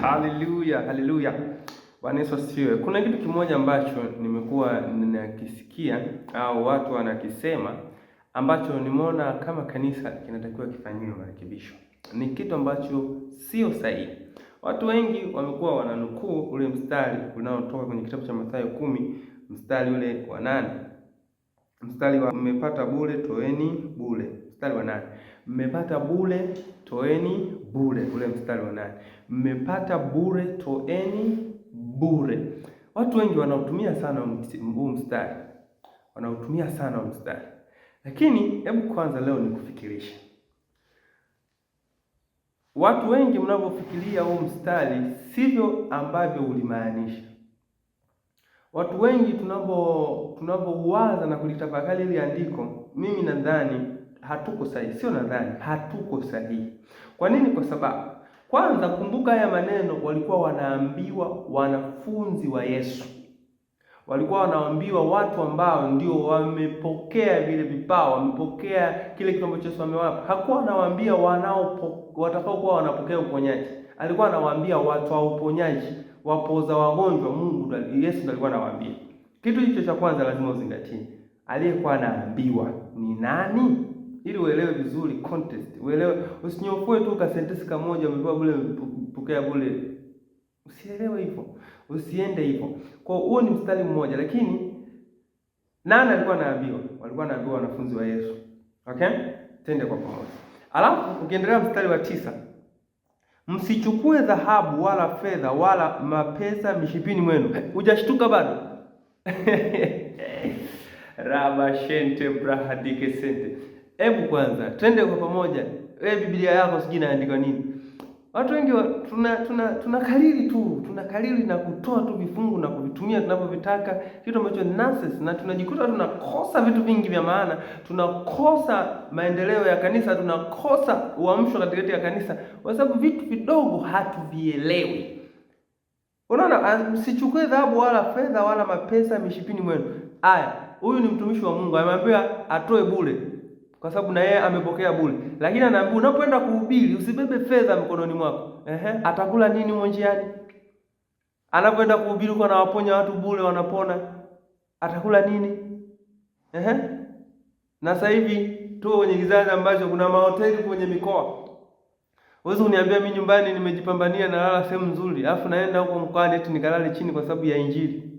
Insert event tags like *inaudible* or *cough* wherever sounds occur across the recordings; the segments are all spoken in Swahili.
Haleluya, haleluya. Bwana Yesu asifiwe. Kuna kitu kimoja ambacho nimekuwa ninakisikia au watu wanakisema ambacho nimeona kama kanisa kinatakiwa kifanyiwe marekebisho. Ni kitu ambacho sio sahihi. Watu wengi wamekuwa wananukuu ule mstari unaotoka kwenye kitabu cha Mathayo kumi mstari ule wa nane mstari wa mmepata bure, toeni bure. Mstari wa nane mmepata bure, toeni bure, ule mstari wa nane, mmepata bure, toeni bure. Watu wengi wanaotumia sana huu mstari, wanautumia sana huu mstari, lakini hebu kwanza leo nikufikirishe watu wengi mnavyofikiria huu mstari sivyo ambavyo ulimaanisha. Watu wengi tunapo tunapouwaza na kulitafakari ili andiko, mimi nadhani hatuko sahihi, sio nadhani, hatuko sahihi. Kwa nini? Kwa sababu kwanza, kumbuka haya maneno walikuwa wanaambiwa wanafunzi wa Yesu, walikuwa wanaambiwa watu ambao ndio wamepokea vile vipawa, wamepokea kile kitu ambacho Yesu amewapa. Hakuwa anawaambia wanao watakao kuwa wanapokea uponyaji, alikuwa anawaambia watu wa uponyaji, wapoza wagonjwa. Mungu Yesu ndiye alikuwa anawaambia kitu hicho. Cha kwanza lazima uzingatie, aliyekuwa anaambiwa ni nani? ili uelewe vizuri context, uelewe. Usinyofue tu ka sentence kamoja umepewa bure, pokea bure, usielewe hivyo, usiende hivyo. Kwa hiyo huo ni mstari mmoja, lakini nani alikuwa anaambiwa? Walikuwa anaambiwa wanafunzi wa Yesu. Okay, tende kwa pamoja. Alafu ukiendelea mstari wa tisa, msichukue dhahabu wala fedha wala mapesa mishipini mwenu. Hujashtuka bado? *laughs* raba shente brahadike sente Hebu kwanza twende kwa pamoja, wewe eh, Biblia yako sijui inaandikwa nini? Watu wengi wa, tuna tuna tunakariri tu tunakariri na kutoa tu vifungu na kuvitumia tunavyovitaka, kitu ambacho nonsense, na tunajikuta tunakosa vitu vingi vya maana, tunakosa maendeleo ya kanisa, tunakosa uamsho katikati ya kanisa kwa sababu vitu vidogo hatuvielewi. Unaona, ah, msichukue dhahabu wala fedha wala mapesa mishipini mwenu. Aya, huyu ni mtumishi wa Mungu, ameambiwa atoe bure kwa sababu na yeye amepokea bure, lakini anaambia unapoenda kuhubiri usibebe fedha mkononi mwako. Ehe, atakula nini huko njiani? Anapoenda kuhubiri kwa anawaponya watu bure, wanapona, atakula nini? Ehe, na sasa hivi tu kwenye kizazi ambacho kuna mahoteli kwenye mikoa, wewe uniambia mimi nyumbani nimejipambania na lala sehemu nzuri, afu naenda huko mkoani eti nikalale chini kwa sababu ya Injili.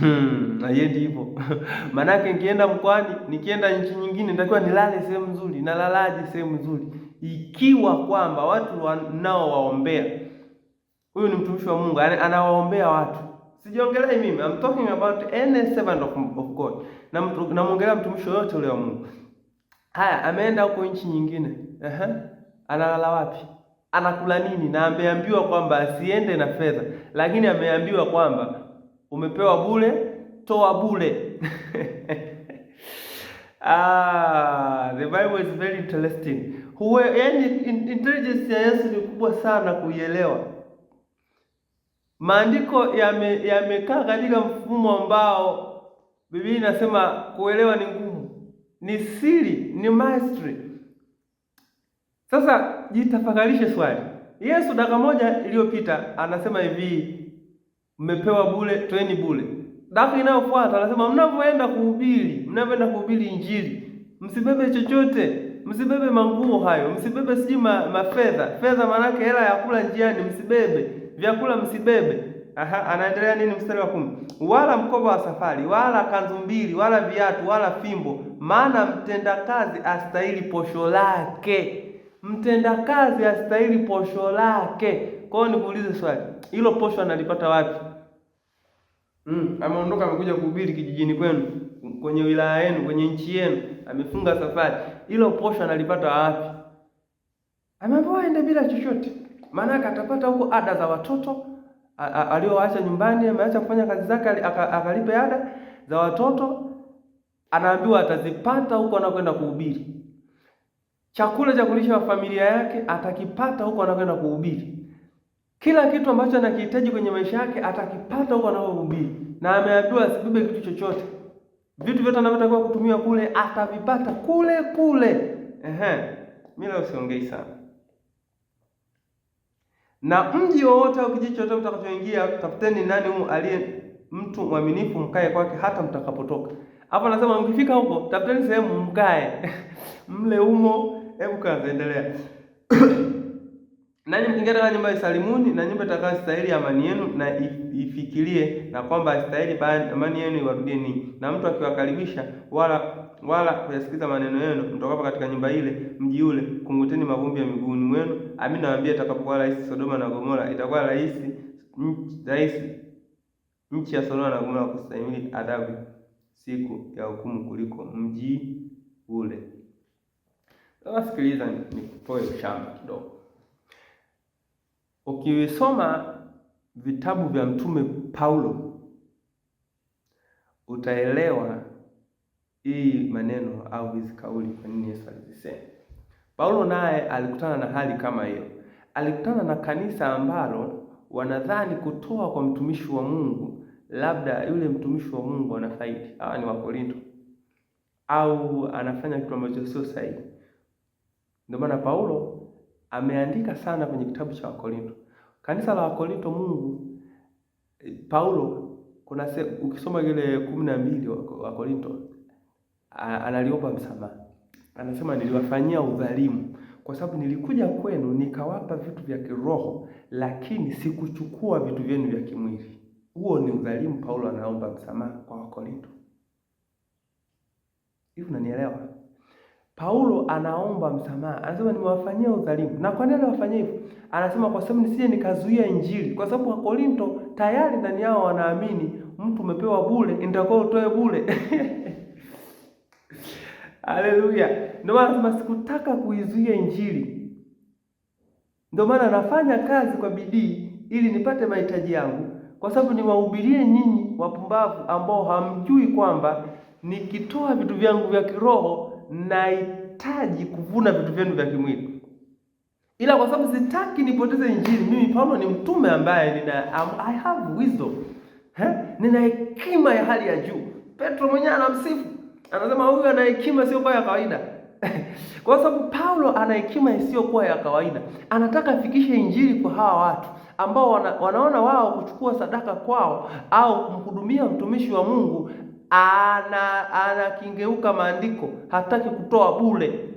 Hmm, na yeye ndivyo. *laughs* Maanake nikienda mkoani, nikienda nchi nyingine nitakiwa nilale sehemu nzuri, nalalaje sehemu nzuri? Ikiwa kwamba watu wanaowaombea huyu ni mtumishi wa Mungu, anawaombea watu. Sijiongelei mimi. I'm talking about any servant of, of God. Na namwongelea mtumishi yote ule wa Mungu. Haya, ameenda huko nchi nyingine. Ehe. Uh Analala wapi? Anakula nini? Na ameambiwa kwamba asiende na fedha, lakini ameambiwa kwamba umepewa bure, toa bure. *laughs* Ah, the Bible is very interesting. Huwe, yani intelligence ya Yesu ni kubwa sana kuielewa. Maandiko yamekaa yame katika mfumo ambao Biblia inasema kuelewa ni ngumu, ni siri, ni mystery. Sasa jitafakarishe swali. Yesu dakika moja iliyopita anasema hivi mmepewa bure, tweni bure. Dakika inayofuata anasema mnapoenda kuhubiri, mnapoenda kuhubiri Injili msibebe chochote, msibebe manguo hayo, msibebe sijui ma, mafedha fedha, maanake hela ya kula njiani msibebe, vyakula msibebe. Aha, anaendelea nini mstari wa kumi? Wala mkoba wa safari, wala kanzu mbili, wala viatu, wala fimbo, maana mtendakazi astahili posho lake. Mtendakazi astahili posho lake. Kwa hiyo nikuulize swali, hilo posho analipata wapi? Mm, ameondoka amekuja kuhubiri kijijini kwenu, kwenye wilaya yenu, kwenye nchi yenu, amefunga safari. Hilo posho analipata wapi? Ameambiwa aende bila chochote. Maana atapata huko ada za watoto alioacha nyumbani, ameacha kufanya kazi zake akalipe ada za watoto, anaambiwa atazipata huko anakwenda kuhubiri. Chakula cha kulisha familia yake atakipata huko anakwenda kuhubiri. Kila kitu ambacho anakihitaji kwenye maisha yake atakipata huko anakohubiri, na ameambiwa asibebe kitu chochote. Vitu vyote anavyotakiwa kutumia kule atavipata kule kule. Ehe, mimi leo siongei sana. Na mji wowote au kijiji chochote mtakachoingia, tafuteni nani huyo aliye mtu mwaminifu, mkae kwake hata mtakapotoka. Hapo anasema mkifika huko tafuteni sehemu mkae *laughs* mle humo. Hebu kaendelea *coughs* nani mkiingia nyumba isalimuni, na nyumba stahili amani yenu, na ifikirie na kwamba stahili amani yenu iwarudie ninyi. Na mtu akiwakaribisha wala wala kuyasikiza maneno yenu, mtokapo katika nyumba ile mji ule, kunguteni mavumbi ya miguuni mwenu. Amin nawaambia, itakapokuwa rahisi Sodoma na Gomora, itakuwa rahisi rahisi nchi ya Sodoma na Gomora kustahimili adhabu siku ya hukumu kuliko mji ule. Sikiliza, nikupoe ushamba kidogo. Ukisoma vitabu vya Mtume Paulo utaelewa hii maneno au hizi kauli, kwa nini Yesu alizisema. Paulo naye alikutana na hali kama hiyo, alikutana na kanisa ambalo wanadhani kutoa kwa mtumishi wa Mungu, labda yule mtumishi wa Mungu anafaidi, hawa ni Wakorinto, au anafanya kitu ambacho sio sahihi. Ndio maana Paulo ameandika sana kwenye kitabu cha Wakorinto. Kanisa la Wakorinto, Mungu eh, Paulo, kuna se, ukisoma ile kumi na mbili Wakorinto analiomba msamaha, anasema niliwafanyia udhalimu kwa sababu nilikuja kwenu nikawapa vitu vya kiroho, lakini sikuchukua vitu vyenu vya kimwili. Huo ni udhalimu. Paulo anaomba msamaha kwa Wakorinto. Hivi unanielewa? Paulo anaomba msamaha, anasema nimewafanyia udhalimu. Na kwa nini anawafanyia hivyo? Anasema kwa sababu nisije nikazuia Injili, kwa sababu Wakorinto tayari ndani yao wanaamini mtu umepewa bure, nitakuwa utoe bure *laughs* Haleluya! Ndio maana anasema sikutaka kuizuia Injili, ndio maana nafanya kazi kwa bidii ili nipate mahitaji yangu, kwa sababu niwahubirie nyinyi wapumbavu ambao hamjui kwamba nikitoa vitu vyangu vya kiroho nahitaji kuvuna vitu vyenu vya kimwili, ila kwa sababu sitaki nipoteze Injili, mimi Paulo ni mtume ambaye nina um, I have wisdom He? nina hekima ya hali ya juu. Petro mwenyewe anamsifu anasema, huyu ana hekima kwa ya kawaida *laughs* kwa sababu Paulo ana hekima isiyokuwa ya kawaida, anataka afikishe Injili kwa hawa watu ambao wana, wanaona wao kuchukua sadaka kwao au kumhudumia mtumishi wa Mungu ana anakingeuka maandiko, hataki kutoa bure.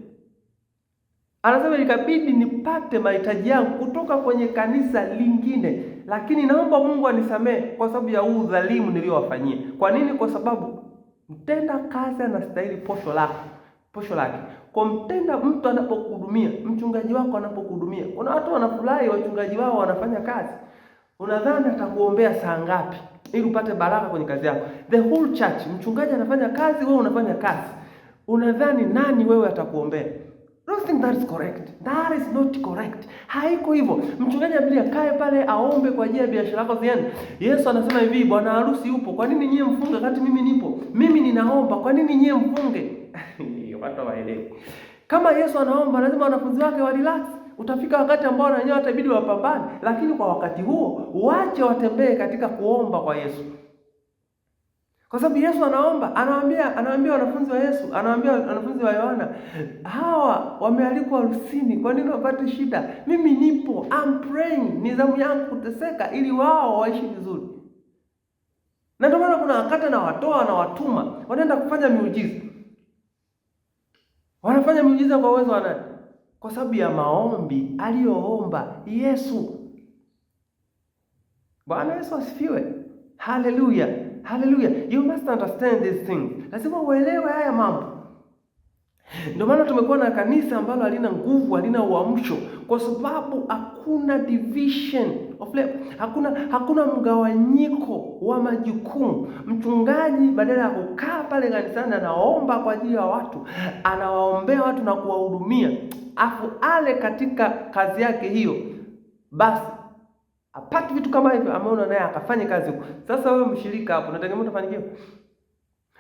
Anasema ikabidi nipate mahitaji yangu kutoka kwenye kanisa lingine, lakini naomba Mungu anisamehe kwa sababu ya huu udhalimu niliyowafanyia. Kwa nini? Kwa sababu mtenda kazi anastahili posho lake, posho lake. Kwa mtenda mtu anapokuhudumia, mchungaji wako anapokuhudumia, kuna watu wanafurahi, wachungaji wao wanafanya kazi. Unadhani atakuombea saa ngapi? ili upate baraka kwenye kazi yako. The whole church, mchungaji anafanya kazi, wewe unafanya kazi. Unadhani nani wewe atakuombea? Don't think that is correct. That is not correct. Haiko hivyo. Mchungaji abili akae pale aombe kwa ajili ya biashara yako ziende. Yesu anasema hivi, bwana harusi yupo, kwa nini nyie mfunge wakati mimi nipo? Mimi ninaomba, kwa nini nyie mfunge? *laughs* Watu waelewe. Kama Yesu anaomba, lazima wanafunzi wake wa relax. Utafika wakati ambao na wenyewe watabidi wapambane, lakini kwa wakati huo wache watembee katika kuomba kwa Yesu, kwa sababu Yesu anaomba, anawaambia anawaambia wanafunzi wa Yesu, anawaambia wanafunzi wa Yohana, hawa wamealikwa harusini, kwa nini wapate shida? Mimi nipo, I'm praying, ni zamu yangu kuteseka ili wao waishi vizuri. Na ndio maana kuna wakati na watoa na watuma wanaenda kufanya miujiza, wanafanya miujiza kwa uwezo wa nani? kwa sababu ya maombi aliyoomba Yesu. Bwana Yesu asifiwe! Haleluya, haleluya! You must understand these things, lazima uelewe haya mambo. Ndio maana tumekuwa na kanisa ambalo halina nguvu, halina uamsho, kwa sababu hakuna division of labor, hakuna hakuna mgawanyiko wa majukumu. Mchungaji badala ya kukaa pale kanisani anaomba kwa ajili ya watu, anawaombea watu na kuwahudumia, afu ale katika kazi yake hiyo, basi apate vitu kama hivyo, ameona naye akafanye kazi huko. Sasa wewe mshirika hapo, unategemea utafanikiwa?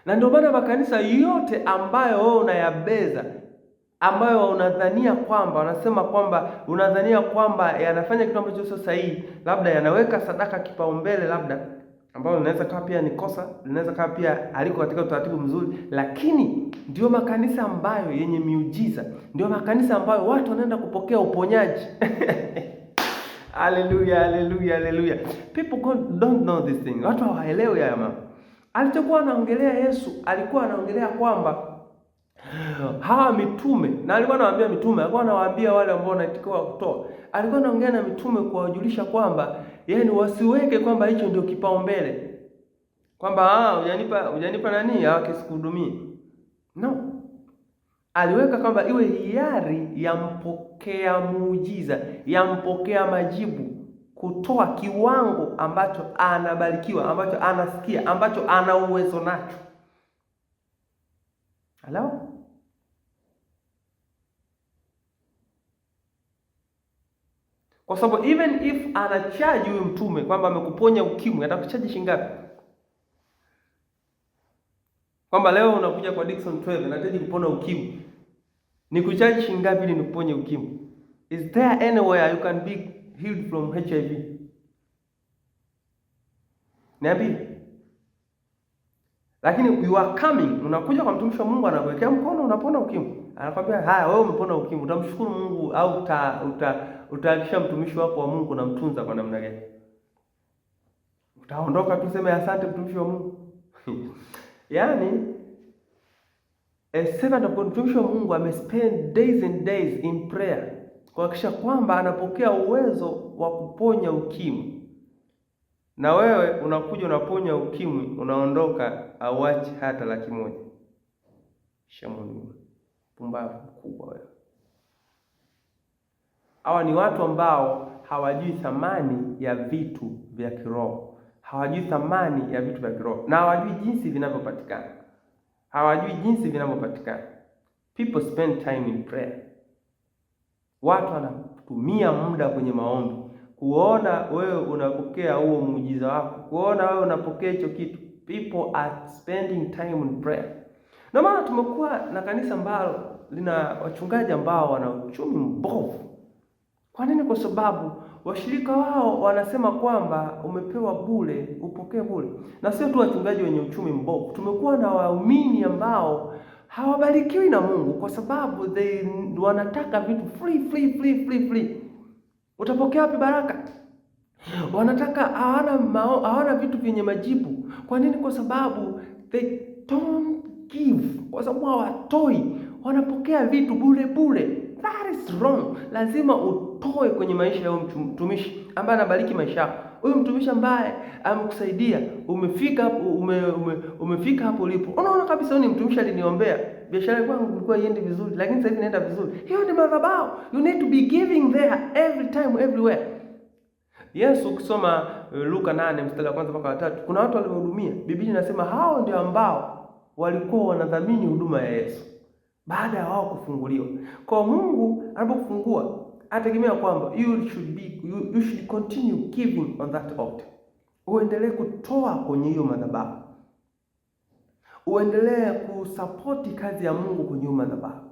Na ndio maana makanisa yote ambayo wewe unayabeza ambayo unadhania kwamba wanasema kwamba unadhania kwamba yanafanya kitu ambacho sio sahihi, labda yanaweka sadaka kipaumbele, labda ambalo linaweza kawa pia ni kosa, linaweza kawa pia aliko katika utaratibu mzuri, lakini ndio makanisa ambayo yenye miujiza, ndio makanisa ambayo watu wanaenda kupokea uponyaji. *laughs* Haleluya, haleluya, haleluya! People don't know this thing, watu hawaelewi haya mambo. Alichokuwa anaongelea Yesu alikuwa anaongelea kwamba hawa mitume, na alikuwa anawaambia mitume, alikuwa anawaambia wale ambao wanatakiwa kutoa, alikuwa anaongea na mitume kuwajulisha kwamba yani wasiweke kwamba hicho ndio kipaumbele, kwamba ah, hujanipa hujanipa nani ah, sikuhudumii. no aliweka kwamba iwe hiari ya mpokea muujiza ya mpokea majibu kutoa kiwango ambacho anabarikiwa ambacho anasikia ambacho ana uwezo nacho. Hello? kwa sababu even if anachaji huyu mtume kwamba amekuponya ukimwi, atakuchaji shingapi? Kwamba leo unakuja kwa Dickson 12 nahitaji kupona ukimwi, ni kuchaji shingapi ili nikuponye ukimwi? Is there anywhere you can be healed from HIV? Niambie. Lakini you are coming, unakuja kwa mtumishi wa Mungu anakuwekea mkono, unapona ukimwi, anakwambia haya, wewe umepona ukimwi, utamshukuru Mungu au uta, uta utaakisha mtumishi wako wa Mungu unamtunza kwa namna gani? Utaondoka tuseme asante mtumishi wa Mungu? *laughs* Yaani a servant of God, mtumishi wa Mungu amespend days and days in prayer kuhakikisha kwamba anapokea uwezo wa kuponya ukimwi na wewe unakuja unaponya ukimwi, unaondoka auachi hata laki moja. Shamuni, pumbavu mkubwa wewe. Hawa ni watu ambao hawajui thamani ya vitu vya kiroho, hawajui thamani ya vitu vya kiroho na hawajui jinsi vinavyopatikana, hawajui jinsi vinavyopatikana. People spend time in prayer. Watu wanatumia muda kwenye maombi, kuona wewe unapokea huo muujiza wako, kuona wewe unapokea hicho kitu. People are spending time in prayer. Na maana tumekuwa na kanisa ambalo lina wachungaji ambao wana uchumi mbovu kwa nini? Kwa sababu washirika wao wanasema kwamba umepewa bure, upokee bure. Na sio tu wachungaji wenye uchumi mbovu, tumekuwa na waumini ambao hawabarikiwi na Mungu kwa sababu they wanataka vitu free free free free free. Utapokea wapi baraka? Wanataka hawana hawana vitu vyenye majibu. Kwa nini? Kwa sababu they don't give, kwa sababu hawatoi, wanapokea vitu bure bure that is wrong. Lazima utoe kwenye maisha ya mtumishi ambaye anabariki maisha yako. Huyu mtumishi ambaye amekusaidia, umefika hapo ume, ume, umefika hapo ulipo. Unaona kabisa huyu ni mtumishi aliniombea. Biashara yangu ilikuwa iende vizuri, lakini sasa hivi inaenda vizuri. Hiyo ni madhabahu. You need to be giving there every time everywhere. Yesu ukisoma eh, Luka 8 mstari wa kwanza mpaka wa watatu, kuna watu waliohudumia. Biblia inasema hao ndio ambao walikuwa wanadhamini huduma ya Yesu baada ya wao kufunguliwa. Kwa Mungu anapokufungua anategemea kwamba you should be you, you should continue giving on that altar, uendelee kutoa kwenye hiyo madhabahu, uendelee kusapoti kazi ya Mungu kwenye hiyo madhabahu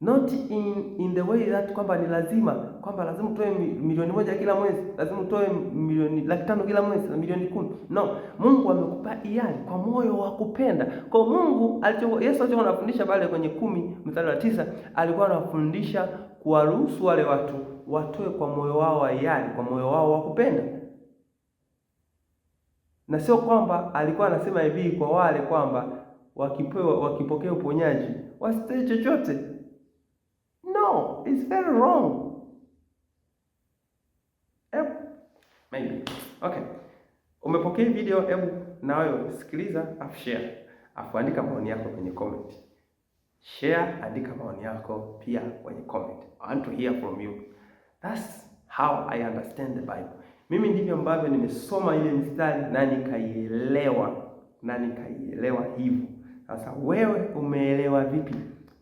not in in the way that kwamba ni lazima kwamba lazima utoe milioni moja kila mwezi, lazima utoe milioni laki tano kila mwezi na milioni kumi. No, Mungu amekupa hiari kwa moyo wa kupenda. Kwa Mungu alicho Yesu alichokuwa anafundisha pale kwenye kumi mstari wa tisa alikuwa anafundisha kuwaruhusu wale watu watoe kwa moyo wao wa hiari, kwa moyo wao wa kupenda, na sio kwamba alikuwa anasema hivi kwa wale kwamba wakipewa wakipokea uponyaji wasitoe chochote wrong. it's very wrong. Ebu, maybe. Okay. Umepokea video, hebu nayo sikiliza, afu share. Afu andika maoni yako kwenye comment. Share, andika maoni yako pia kwenye comment. I want to hear from you. That's how I understand the Bible. Mimi ndivyo ambavyo nimesoma ile mstari na nikaielewa na nikaielewa hivyo. Sasa wewe umeelewa vipi?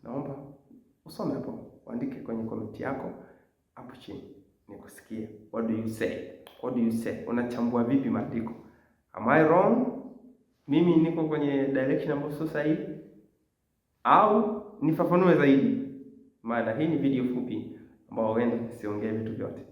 Naomba usome hapo uandike kwenye komenti yako hapo chini, nikusikie. What do you say? What do you say? Unachambua vipi maandiko? Am I wrong? Mimi niko kwenye direction ambayo sio sahihi, au nifafanue zaidi, maana hii ni video fupi ambayo huenda nisiongee vitu vyote.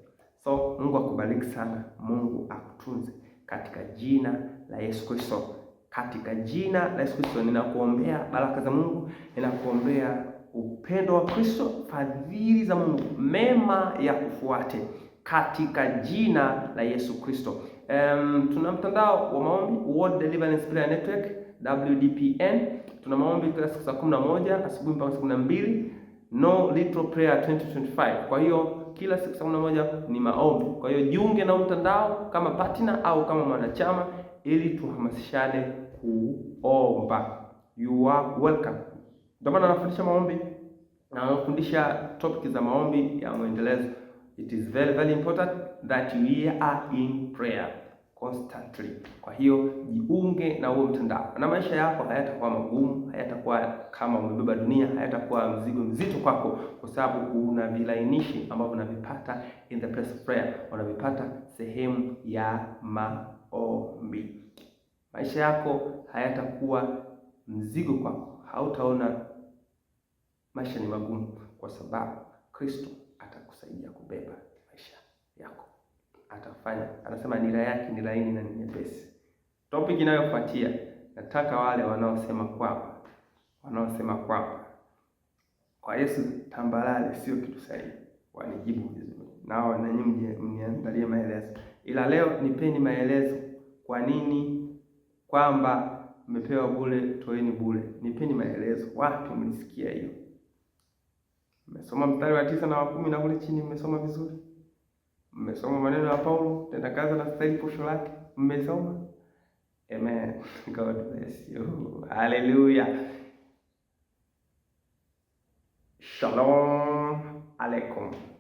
So Mungu akubariki sana, Mungu akutunze katika jina la Yesu Kristo. Katika jina la Yesu Kristo ninakuombea baraka za Mungu, ninakuombea upendo wa Kristo, fadhili za Mungu, mema ya kufuate katika jina la Yesu Kristo. Um, tuna mtandao wa maombi World Deliverance Prayer Network WDPN. Tuna maombi kila siku saa kumi na moja asubuhi mpaka saa kumi na mbili no little prayer 2025. Kwa hiyo kila siku saa kumi na moja ni maombi. Kwa hiyo jiunge na mtandao kama partner au kama mwanachama, ili tuhamasishane kuomba. You are welcome. Ndio maana anafundisha maombi na anafundisha topic za maombi ya mwendelezo. It is very very important that we are in prayer constantly. Kwa hiyo jiunge na huo mtandao na maisha yako hayatakuwa magumu, hayatakuwa kama umebeba dunia, hayatakuwa mzigo mzito kwako, kwa sababu una vilainishi ambavyo unavipata in the place of prayer, unavipata sehemu ya maombi. Maisha yako hayatakuwa mzigo kwako, hautaona Maisha ni magumu, kwa sababu Kristo atakusaidia kubeba maisha yako, atafanya. Anasema nira yake ni laini na ni nyepesi. Topic inayofuatia nataka wale wanaosema kwamba wanaosema kwamba kwa Yesu tambalale sio kitu sahihi wanijibu vizuri, nao na nyinyi mniandalie maelezo, ila leo nipeni maelezo. Kwa nini kwamba mmepewa bure, toeni bure? Nipeni maelezo, watu mlisikia hiyo? Mmesoma mstari wa tisa na wa kumi na kule chini mmesoma vizuri. Mmesoma maneno ya Paulo, tenda kazi na stahili posho lake. Mmesoma? Amen. *laughs* God bless you. Hallelujah. Shalom alaikum.